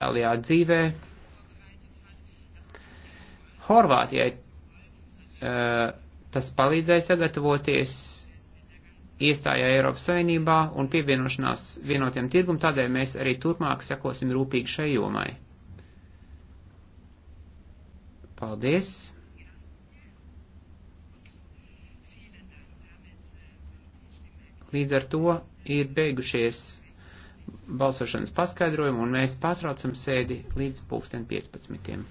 reālajā dzīvē. Horvātijai uh, tas palīdzēja sagatavoties iestājā Eiropas Savienībā un pievienošanās vienotiem tirgum, tādēļ mēs arī turpmāk sekosim rūpīgi šai jomai. Paldies! Līdz ar to ir beigušies balsošanas paskaidrojumu, un mēs pārtraucam sēdi līdz pulksten 15.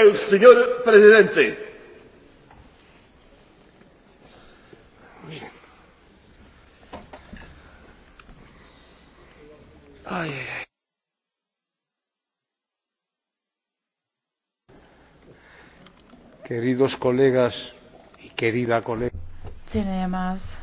El señor presidente. Miren. Ay, ay, ay. Queridos colegas y querida colega. Cienējamās